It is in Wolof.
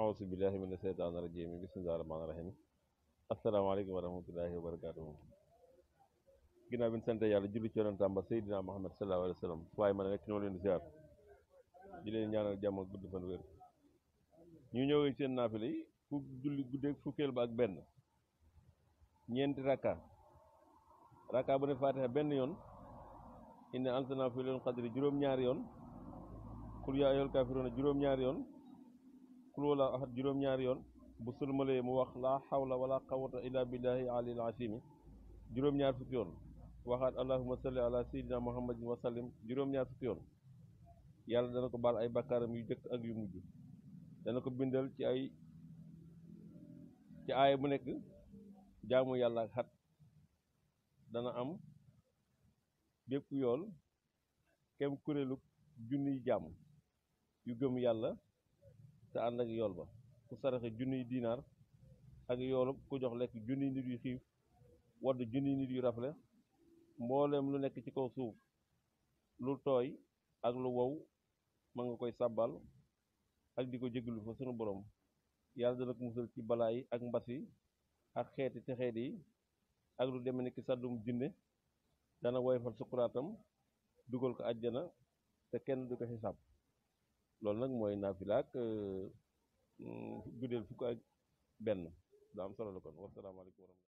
awusu billaahi mina seytaani rajiim bismillaahi rahmaani rahiim asalaamaaleykum wa rahmatulaahi wa barakaatuhu ginnaaw bi ñu sant yàlla julli ci yonent ba Seydina Muhammad sallallaahu alayhi wa sallam waaye man nekk ñoo leen di ziar di leen ñaanal jàmm ak gudd fan wér ñu ñëwee seen naafila yi fu julli guddeeg fukkeel ba ak benn ñeenti rakka rakka bu ne faatiha benn yoon inna anzalnaahu fi laylatul qadri juróom-ñaari yoon qul yaa ayyuhal kaafiruuna juróom-ñaari yoon kulóola ahad juróom-ñaari yoon bu sëlmalee mu wax laa xawla wala qawata illa billahi alil asimi juróom-ñaar fukki yoon waxaat allahuma salli ala sayyidina muhammadin wa juróom-ñaar fukki yoon yàlla dana ko baal ay bakkaaram yu jëkk ak yu mujj dana ko bindal ci ay ci aaya bu nekk jaamu yàlla ak xat dana am bépp yool kem kuréelu junniy jàmm yu gëm yàlla te ànd ak yool ba ku saraxe junniy diinaar ak yoolub ku jox lekk junniy nit yu xiif wadd junniy yu rafle mbooleem lu nekk ci kaw suuf lu tooy ak lu wow ma nga koy sàbbal ak di ko jéggalu fa sunu boroom yàlla dana ko musal ci balaa yi ak mbasi ak xeeti te xeet yi ak lu demee ni ki sàddum jinne dana woyfal sukuraatam dugal ko àjjana te kenn du ko xisaab loolu nag mooy naafila ak euh, mm, guddeel fukk ak benn daa am solo la kon wasalaamaaleykum wa rahmatulah